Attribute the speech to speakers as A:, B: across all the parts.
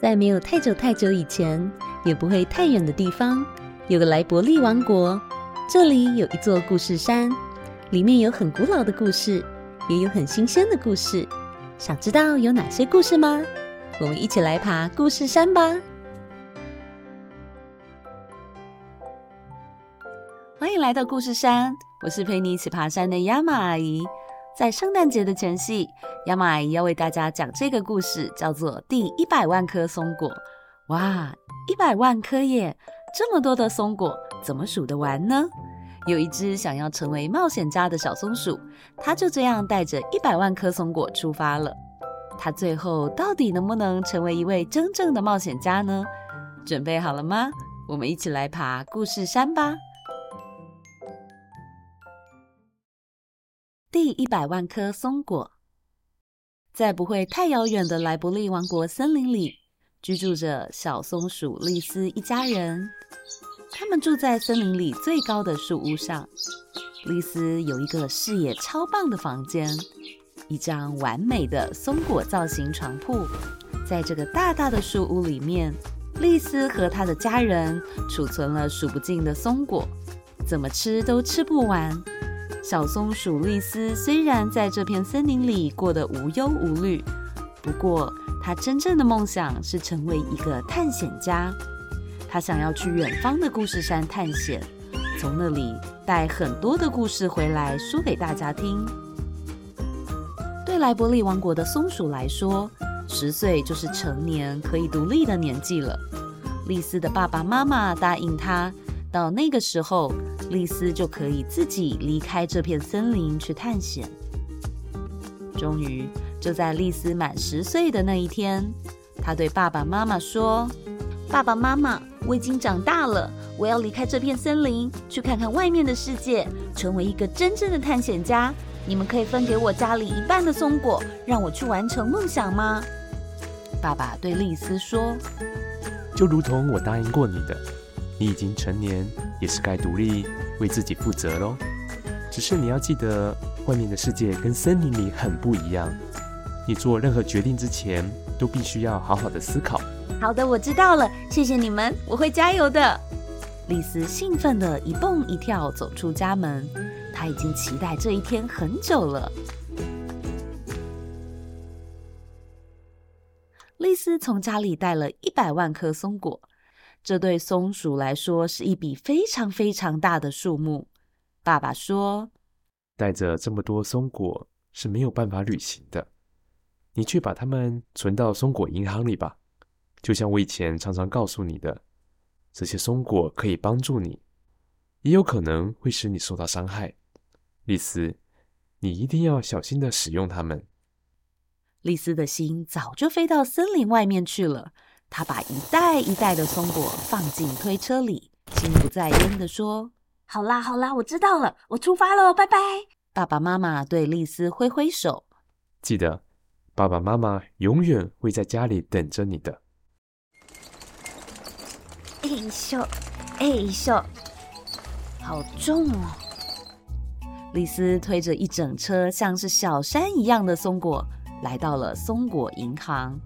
A: 在沒有太久太久以前，也不會太遠的地方，有個萊伯利王國。這裡有一座故事山，裡面有很古老的故事，也有很新鮮的故事。想知道有哪些故事嗎？我們一起來爬故事山吧！歡迎來到故事山，我是陪你一起爬山的 Yama 阿姨。在聖誕節的前夕，亞馬阿姨要為大家講這個故事，叫做《第一百萬顆松果》。哇，一百萬顆耶！這麼多的松果，怎麼數得完呢？有一隻想要成為冒險家的小松鼠，它就這樣帶着一百萬顆松果出發了。它最後到底能不能成為一位真正的冒險家呢？準備好了嗎？我們一起來爬故事山吧！第一百萬顆松果，在不會太遙遠的萊伯利王國森林裡，居住着小松鼠利絲一家人。他們住在森林裡最高的樹屋上。利絲有一個視野超棒的房間，一張完美的松果造型床鋪。在這個大大的樹屋裡面，利絲和她的家人儲存了數不盡的松果，怎麼吃都吃不完。小松鼠利絲雖然在這片森林裡過得無憂無慮，不過她真正的夢想是成為一個探險家。她想要去遠方的故事山探險，從那裡帶很多的故事回來說給大家聽。對萊伯利王國的松鼠來說，十歲就是成年，可以獨立的年紀了。利絲的爸爸媽媽答應她，到那個時候。利絲就可以自己離開這片森林去探險。終於，就在利絲滿十歲的那一天，她對爸爸媽媽說：“爸爸媽媽，我已經長大了，我要離開這片森林，去看看外面的世界，成為一個真正的探險家。你們可以分給我家裡一半的松果，讓我去完成夢想嗎？”爸爸對利絲說：“
B: 就如同我答應過你的。”你已經成年，也是該獨立，為自己負責嘍。只是你要記得，外面的世界跟森林裡很不一樣。你做任何決定之前，都必須要好好的思考。
A: 好的，我知道了，謝謝你們，我會加油的。利絲興奮的一蹦一跳走出家門，她已經期待這一天很久了。利絲從家裡帶了一百萬顆松果。這對松鼠來說是一筆非常非常大的數目。爸爸說：“
B: 帶着這麼多松果是沒有辦法旅行的。你去把它們存到松果銀行裡吧，就像我以前常常告訴你的，這些松果可以幫助你，也有可能會使你受到傷害。利絲，你一定要小心的使用它們。”
A: 利絲的心早就飛到森林外面去了。他把一袋一袋的松果放進推車裡，心不在焉的說：“好啦，好啦，我知道了，我出發嘍，拜拜！”爸爸媽媽對利絲揮揮手，
B: 記得爸爸媽媽永遠會在家裡等着你的。
A: 欸咻，欸咻，好重哦！利絲推着一整車像是小山一樣的松果，來到了松果銀行。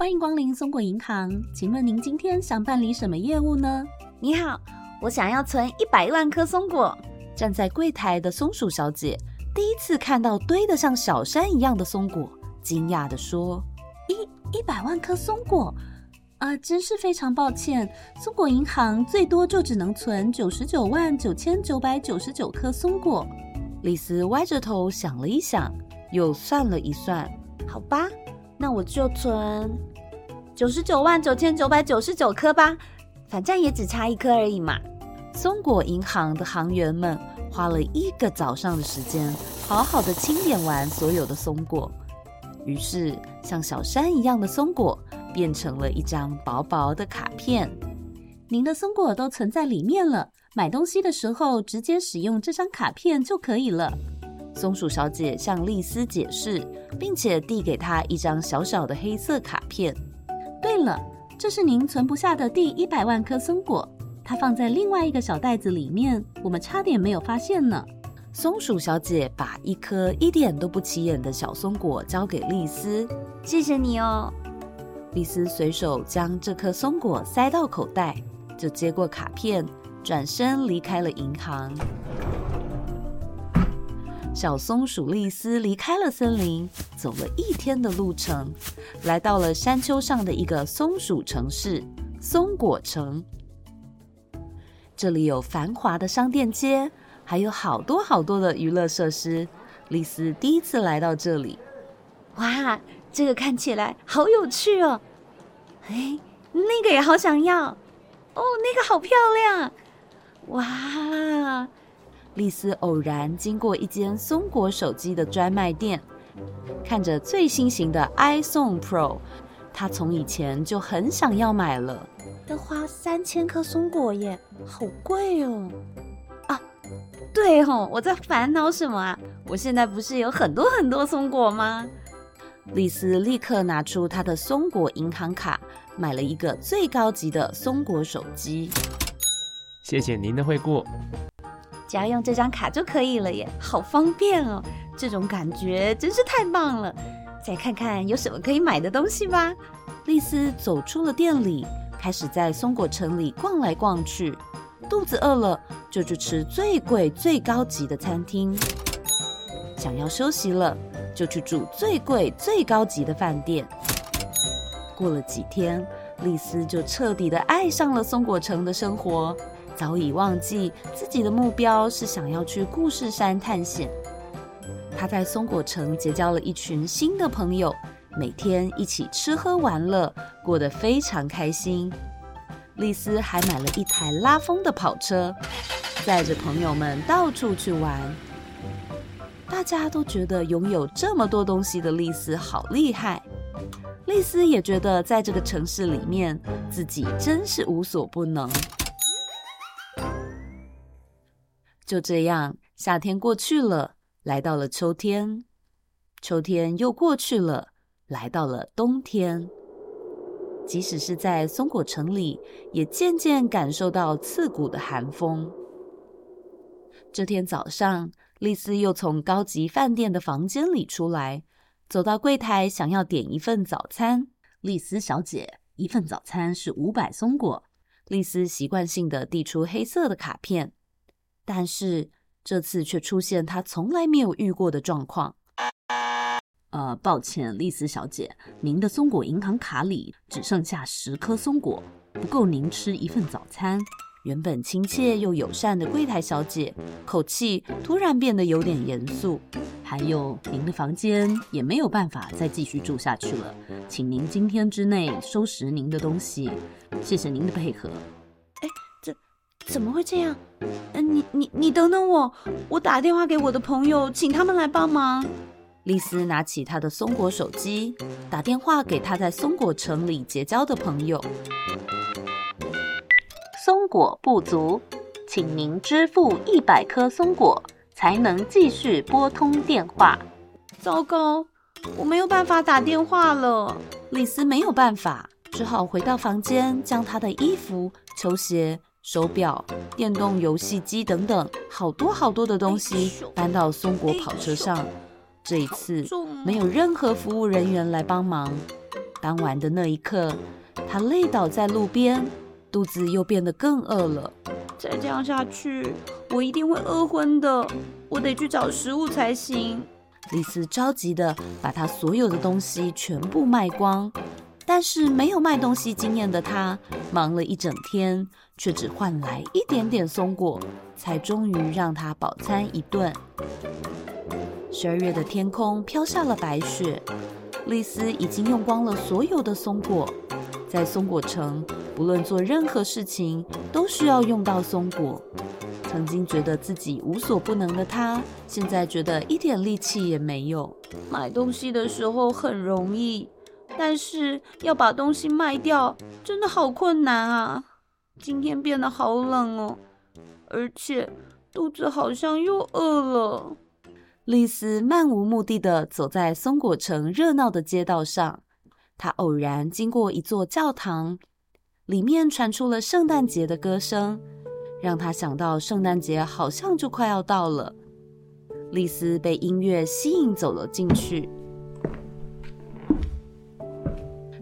A: 歡迎光臨松果銀行，請問您今天想辦理什麼業務呢？你好，我想要存一百萬顆松果。站在櫃檯的松鼠小姐第一次看到堆得像小山一樣的松果，驚訝地說：“一一百萬顆松果？啊、呃，真是非常抱歉，松果銀行最多就只能存九十九萬九千九百九十九顆松果。”利絲歪着頭想了一想，又算了一算，好吧。那我就存九十九萬九千九百九十九顆吧，反正也只差一顆而已嘛。松果銀行的行員們花了一個早上的時間，好好的清點完所有的松果。於是，像小山一樣的松果變成了一張薄薄的卡片。您的松果都存在裡面了，買東西的時候直接使用這張卡片就可以了。松鼠小姐向利絲解釋，並且遞給她一張小小的黑色卡片。對了，這是您存不下的第一百萬顆松果，它放在另外一個小袋子裡面，我們差點沒有發現呢。松鼠小姐把一顆一點都不起眼的小松果交給利絲，謝謝你哦。利絲隨手將這顆松果塞到口袋，就接過卡片，轉身離開了銀行。小松鼠利絲離開了森林，走了一天的路程，來到了山丘上的一個松鼠城市——松果城。這裡有繁華的商店街，還有好多好多的娛樂設施。利絲第一次來到這裡，哇，這個看起來好有趣哦！哎，那個也好想要，哦，那個好漂亮，哇！麗絲偶然經過一間松果手機的專賣店，看着最新型的 iPhone Pro，她從以前就很想要買了。都花三千顆松果耶，好貴哦！啊，對哦，我在煩惱什麼啊？我現在不是有很多很多松果嗎？利絲立刻拿出她的松果銀行卡，買了一個最高級的松果手機。
B: 謝謝您的惠顧。
A: 只要用這張卡就可以了，耶，好方便哦！這種感覺真是太棒了。再看看有什麼可以買的東西吧。利絲走出了店裡，開始在松果城裡逛來逛去。肚子餓了就去吃最貴最高級的餐廳，想要休息了就去住最貴最高級的飯店。過了幾天，利絲就徹底地愛上了松果城的生活。早已忘記自己的目標是想要去故事山探險。她在松果城結交了一群新的朋友，每天一起吃喝玩樂，過得非常開心。利絲還買了一台拉風的跑車，載着朋友們到處去玩。大家都覺得擁有這麼多東西的利絲好厲害。利絲也覺得在這個城市裡面，自己真是無所不能。就這樣，夏天過去了，來到了秋天。秋天又過去了，來到了冬天。即使是在松果城裡，也漸漸感受到刺骨的寒風。這天早上，利絲又從高級飯店的房間裡出來，走到櫃檯，想要點一份早餐。利絲小姐，一份早餐是五百松果。利絲習慣性的遞出黑色的卡片。但是這次卻出現他從來沒有遇過的狀況。呃，抱歉，利絲小姐，您的松果銀行卡裡只剩下十顆松果，不夠您吃一份早餐。原本親切又友善的櫃台小姐，口氣突然變得有點嚴肅。還有，您的房間也沒有辦法再繼續住下去了，請您今天之內收拾您的東西，謝謝您的配合。怎麼會這樣？嗯、呃，你你你等等我，我打電話給我的朋友，請他們來幫忙。利絲拿起她的松果手機，打電話給她在松果城裡結交的朋友。松果不足，請您支付一百顆松果才能繼續撥通電話。糟糕，我沒有辦法打電話了。利絲沒有辦法，只好回到房間，將她的衣服、球鞋。手錶、電動遊戲機等等，好多好多的東西搬到松果跑車上。哎哎、這一次、啊、沒有任何服務人員來幫忙。搬完的那一刻，他累倒在路邊，肚子又變得更餓了。再這樣下去，我一定會餓昏的。我得去找食物才行。利絲着急地把他所有的東西全部賣光。但是沒有賣東西經驗的他，忙了一整天，卻只換來一點點松果，才終於讓他飽餐一頓。十二月的天空飄下了白雪，利絲已經用光了所有的松果。在松果城，不論做任何事情都需要用到松果。曾經覺得自己無所不能的他，現在覺得一點力氣也沒有。買東西的時候很容易。但是要把東西賣掉，真的好困難啊！今天變得好冷哦，而且肚子好像又餓了。利絲漫無目的地走在松果城熱鬧的街道上，她偶然經過一座教堂，裡面傳出了聖誕節的歌聲，讓她想到聖誕節好像就快要到了。利絲被音樂吸引，走了進去。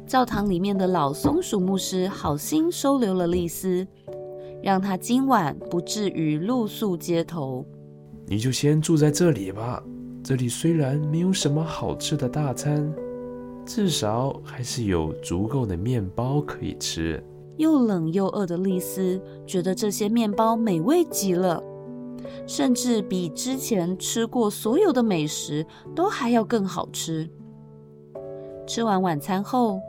A: 教堂裡面的老松鼠牧師好心收留了利絲，讓她今晚不至於露宿街頭。
B: 你就先住在這裡吧，這裡雖然沒有什麼好吃的大餐，至少還是有足夠的麵包可以吃。
A: 又冷又餓的利絲覺得這些麵包美味極了，甚至比之前吃過所有的美食都還要更好吃。吃完晚餐後，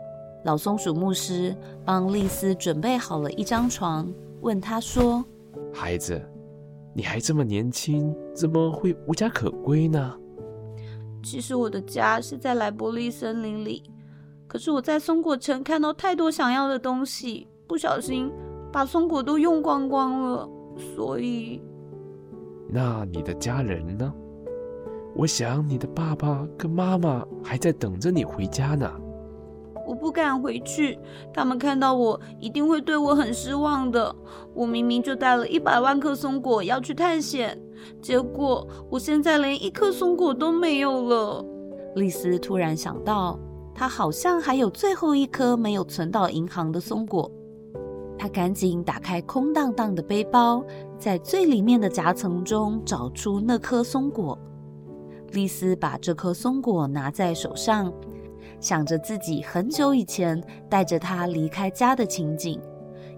A: 老松鼠牧師幫利絲準備好了一張床，問她說：“
B: 孩子，你還這麼年輕，怎麼會無家可歸呢？”“
A: 其實我的家是在萊伯利森林裡，可是我在松果城看到太多想要的東西，不小心把松果都用光光了，所以……”“
B: 那你的家人呢？我想你的爸爸跟媽媽還在等着你回家呢。”
A: 我不敢回去，他們看到我一定會對我很失望的。我明明就帶了一百萬顆松果要去探險，結果我現在連一顆松果都沒有了。利絲突然想到，她好像還有最後一顆沒有存到銀行的松果。她趕緊打開空蕩蕩的背包，在最裡面的夾層中找出那顆松果。利絲把這顆松果拿在手上。想着自己很久以前帶着他離開家的情景，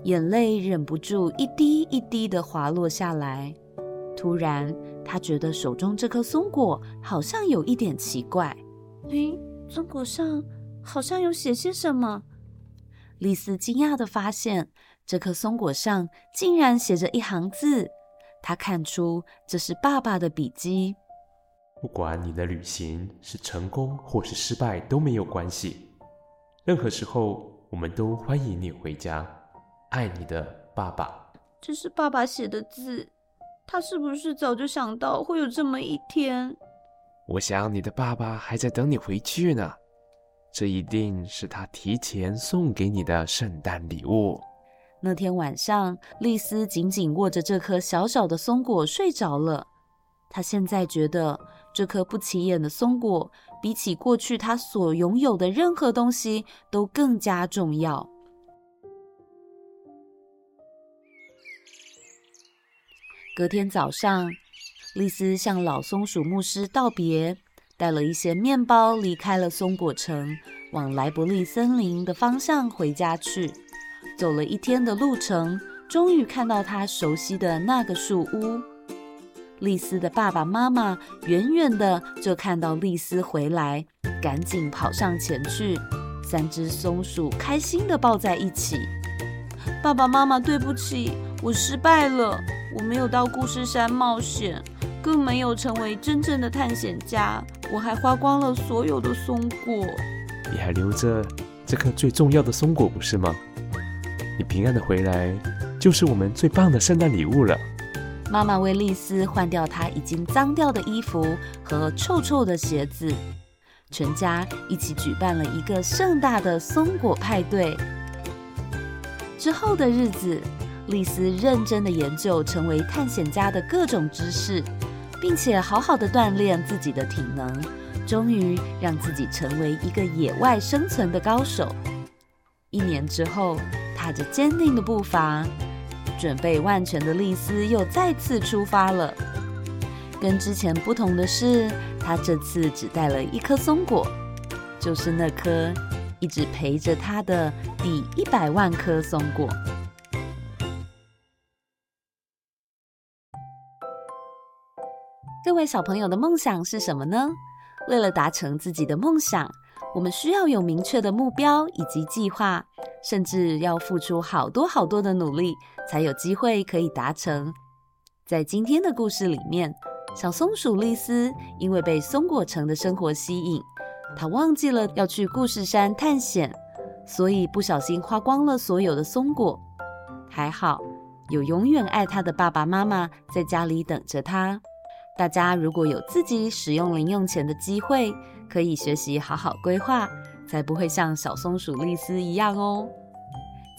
A: 眼淚忍不住一滴一滴地滑落下來。突然，他覺得手中這顆松果好像有一點奇怪。咦，松果上好像有寫些什麼？麗絲驚訝地發現，這顆松果上竟然寫着一行字。她看出這是爸爸的筆跡。
B: 不管你的旅行是成功或是失敗都沒有關係，任何時候我們都歡迎你回家。愛你的爸爸。
A: 這是爸爸寫的字，他是不是早就想到會有這麼一天？
B: 我想你的爸爸還在等你回去呢，這一定是他提前送給你的聖誕禮物。
A: 那天晚上，利絲緊緊握着這顆小小的松果睡着了，她現在覺得。這顆不起眼的松果，比起過去他所擁有的任何東西都更加重要。隔天早上，利絲向老松鼠牧師道別，帶了一些麵包離開了松果城，往萊伯利森林的方向回家去。走了一天的路程，終於看到她熟悉的那個樹屋。利絲的爸爸媽媽遠遠的就看到利絲回來，趕緊跑上前去。三隻松鼠開心的抱在一起。爸爸媽媽，對不起，我失敗了，我沒有到故事山冒險，更沒有成為真正的探險家。我還花光了所有的松果。
B: 你還留着這顆最重要的松果不是嗎？你平安的回來，就是我們最棒的聖誕禮物了。
A: 媽媽為利絲換掉她已經髒掉的衣服和臭臭的鞋子，全家一起舉辦了一個盛大的松果派對。之後的日子，利絲認真的研究成為探險家的各種知識，並且好好的鍛鍊自己的體能，終於讓自己成為一個野外生存的高手。一年之後，踏着堅定的步伐。準備萬全的麗絲又再次出發了。跟之前不同的是，她這次只帶了一顆松果，就是那顆一直陪着她的第一百萬顆松果。各位小朋友的夢想是什麼呢？為了達成自己的夢想，我們需要有明確的目標以及計劃。甚至要付出好多好多的努力，才有機會可以達成。在今天的故事裡面，小松鼠麗絲因為被松果城的生活吸引，她忘記了要去故事山探險，所以不小心花光了所有的松果。還好，有永遠愛她的爸爸媽媽在家裡等着她。大家如果有自己使用零用錢的機會，可以學習好好規劃。才不會像小松鼠利絲一樣哦。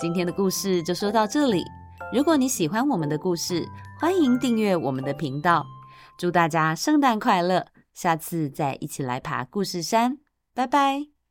A: 今天的故事就說到這裡。如果你喜歡我們的故事，歡迎訂閱我們的頻道。祝大家聖誕快樂！下次再一起來爬故事山，拜拜。